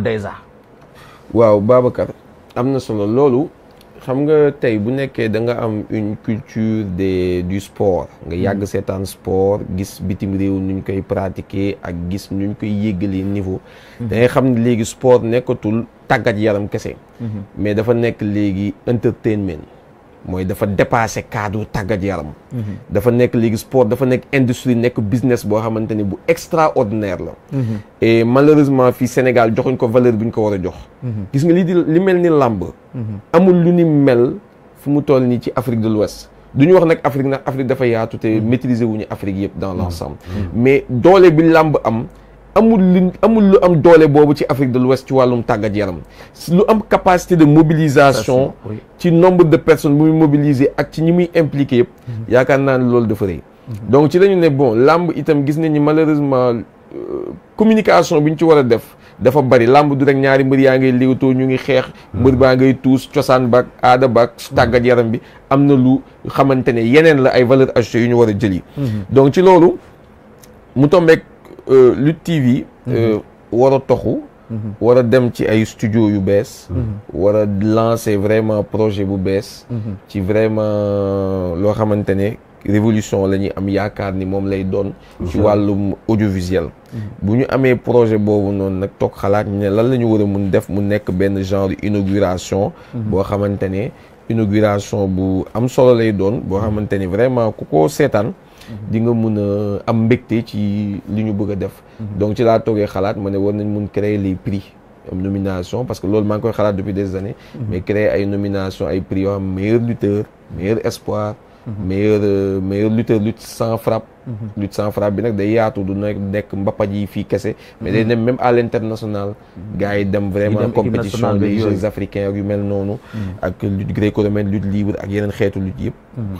déjà waaw Babacar am na solo loolu xam nga tey bu nekkee da nga am une culture des du sport nga yàgg hmm. seetaan sport gis bitim réew nuñ koy pratiquer ak gis nuñ koy yéggalee niveau hmm. da ngay xam ne léegi sport nekkatul tàggat yaram kese hmm. mais dafa nekk léegi entertainment moy dafa dépassé cadre tagat yaram. Mhm. dafa nek léegi sport dafa nek industrie nek business bo xamanteni bu extraordinaire la. Mhm. et malheureusement fi Sénégal joxuñ ko valeur buñ ñu ko war a jox. Mhm. gis nga li di li mel ni làmb. amul lu ni mel fu mu toll ci Afrique de l'Ouest du wax nak Afrique nak Afrique dafa yaatu te maîtriser wuñu Afrique yépp dans l'ensemble. mais doole bi lamb am. amul lu amul lu am doole boobu ci Afrique de l'Ouest ci wàllum tàggat yaram lu am capacité de mobilisation ci nombre de personnes bu muy mobiliser ak ci ñi muy impliqué yëpp mhm. yaakaar naa ne loolu dafa rëy mhm. donc ci lañu ne bon làmb itam gis nañu malheureusement euh, communication bi ñu ci war a def dafa bari làmb du rek ñaari mbër yaa ngay ligatoo ñu ngi xeex mhm. mbër baa ngay tuus cosaan baak aada baak tàggat yaram bi am na lu xamante ne yeneen la ay valeur ajoutée yu ñu war a jëli Euh, Lutte TV. Mhm. Euh, war a toxu. Mhm. war dem ci ay studio yu bes mhm. wara lancer vraiment projet bu bes ci vraiment lo xamantene révolution la am yaakaar ni mom lay doon. ci walum audiovisuel. buñu amé projet bobu non nak tok xalaat ne lan la wara war def mu nekk ben genre inauguration. bo xamantene inauguration bu am solo lay doon bo xamantene vraiment ku ko di nga mhm. donc ci la toogee xalaat ma ne nañ créer les prix. am nomination parce que lool manque ngi koy xalaat depuis des années. Mhm. mais créer ay nomination ay prix yoo meilleur lutteur meilleur espoir. meilleur euh, meilleur lutteur lutte sans frappe. Mhm. lutte sans frappe bi nag day yaatu du nekk mbappat yi fii kese. mais day mhm. dem même à l' international. Mhm. gars yi dem vraiment compétition des jeux ak yu mel noonu. ak lutte gréco-romaine lutte libre ak yeneen xeetu lutte yëpp.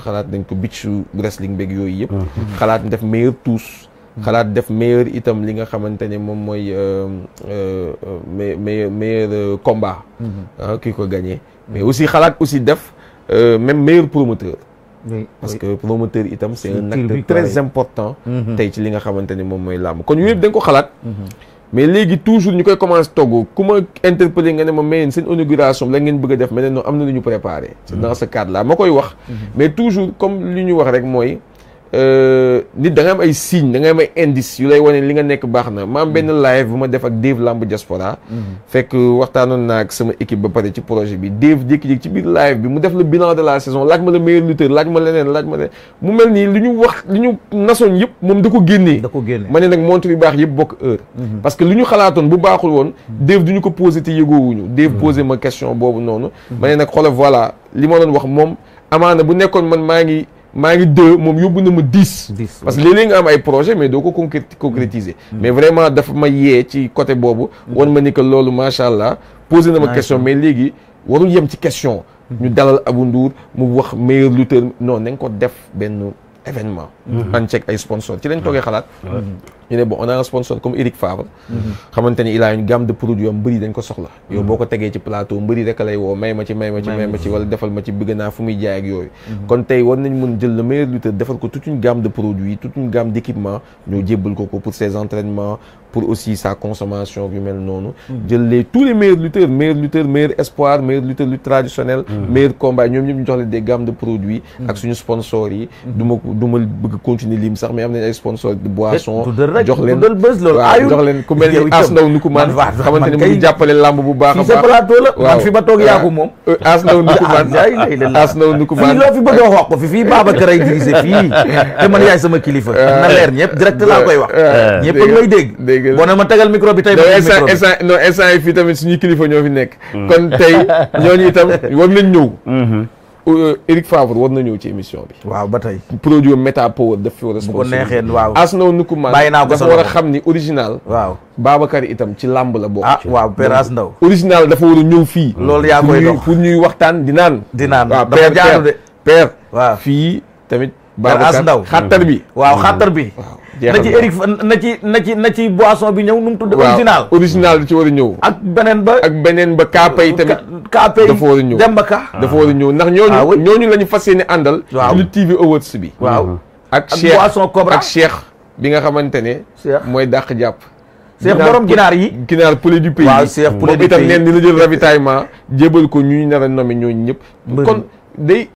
xalaat dañ ko beach wrestling beeg yooyu yëpp. xalaat def meilleur tous. xalaat def meilleur itam li nga xamante ne moom mooy euh, euh, meilleur meilleur combat. ah kii ko gagné. mais aussi xalaat aussi def même meilleur promoteur. parce que promoteur itam c' est très important mhm. tey ci li nga xamante ni moom mooy làmb kon yooyu yëpp ko xalaat mhm. mais léegi toujours ñu koy commencé togg ku interpellé nga ne ma mais seen inauguration la ngeen bëgg a def mais ne non am na lu ñu préparé c'est mhm. dans ce cadre là ma koy wax mais toujours comme li ñu wax rek mooy Euh, nit da am ay signe da nga am ay indice yu lay wane li nga nekk baax na ma am benn mm-hmm. live bu ma def ak Dave Lamb Diaspora mm-hmm. fekk waxtaanoon naa ak sama équipe ba pare ci projet bi Dave jékki-jékki ci biir live bi mu def le bilan de la saison laaj ma le meilleur lutteur laaj ma leneen laaj ma leneen mu mel nii li ñu wax li ñu nasoon yëpp moom da ko génnee da ko génnee ma ne nag montre yu baax yëpp bokk heure mm-hmm. parce que li ñu xalaatoon bu baaxul woon Dave du ñu ko posé te yëgoowuñu Dave posé ma question boobu noonu ma ne nag xoolal voilà li ma doon wax moom amaana bu nekkoon man maa ngi maa ngi deux moom yóbbu na ma dix. parce que léeg-léeg nga am ay projet mais doo ko concrétiser. Mm-hmm. mais vraiment dafa ma yee ci côté boobu. Mm-hmm. wan ma ni que loolu macha allah. posé na ma question mais léegi warul yem ci question. Mm-hmm. ñu dalal Abou Ndour mu wax meilleur lu non na nga ko def benn. événement. ànd mhm. check ay sponsor ci lañ toogee xalat ñu né bon on a un sponsor comme Eric Favre. Mhm. xamante ni il a une gamme de produits yoo mbëri dañ ko soxla. yow mhm. boko ko ci plateau mbëri rek lay wo may ma ci may ma ci may ma ci wala defal ma ci bëgg fu muy jaay ak yooyu. kon tay won nañ mën jël le meilleur lutteur defal ko toute une gamme de produits toute une gamme d'équipement ñu ñoo ko ko pour ses entraînements pour aussi sa consommation yu mel noonu. Mm. jël les tous les meilleurs lutteurs meilleurs lutteurs meilleurs espoirs meilleurs lutteurs lutte traditionnelle. Mm. meilleurs combats nous ñëpp ñu jox des gammes de produits. Mm. ak suñu sponsors yi. du ma du bëgg continuer lim sax mais am des ay sponsors de boissons. Eh, jox leen comme jox leen ku nous ni As Ndaw Nukuman. xamante ne mu ngi lamb bu baax baax. si sa plateau la man fi ma toog yaa ko moom. Euh, As Ndaw Nukuman As Ndaw Nukuman. fii loo fi bëgg wax ko fi fi Babacar ay dirigé fii te man yaay sama kilifa. Euh, na leer ñep direct la euh, koy wax. ñëpp deg dégg dëgg la boo ne ma tegal micro bi tey. ma micro bi instant non nekk. Hmm. kon tey ñooñu itam war nañ ñëw. Hmm. Euh, Éric Favre war na ñëw ci émission bi. waaw ba tey. produit Meta Power def fi responsable. bu ko neexee waaw Asnaw Nukuman. bàyyi naa ko dafa war a xam ni original. waaw Babacar itam ci làmb la bokk. ah waaw Père Asnaw. a ñëw fii. Hmm. loolu yaa koy dox pour ñuy waxtaan di naan. di naan dafa jaadu de waaw Père Père. waaw fii tamit. Babacar xattar bi. waaw xattar bi. na ci Eric na ci na ci na ci boisson bi ñëw nu mu tudd. original original bi ci war a ñëw. ak beneen ba ak beneen ba kaapay tamit. kaapay dafa war a ñëw dem ba ka. dafa war a ñëw ndax ñooñu. Ah ñu la ñu fas yéene àndal. waaw lu TV awards bi. waaw mm-hmm. ak Cheikh boisson Cobra ak Cheikh bi nga xamante ne. mooy dàq jàpp. seex borom ginaar yi ginaar poulet du pays. waaw seex poulet du pays moom itam neen ni la jël ravitaillement. jébal ko ñu ñu nar a nommé ñooñu ñëpp. kon day.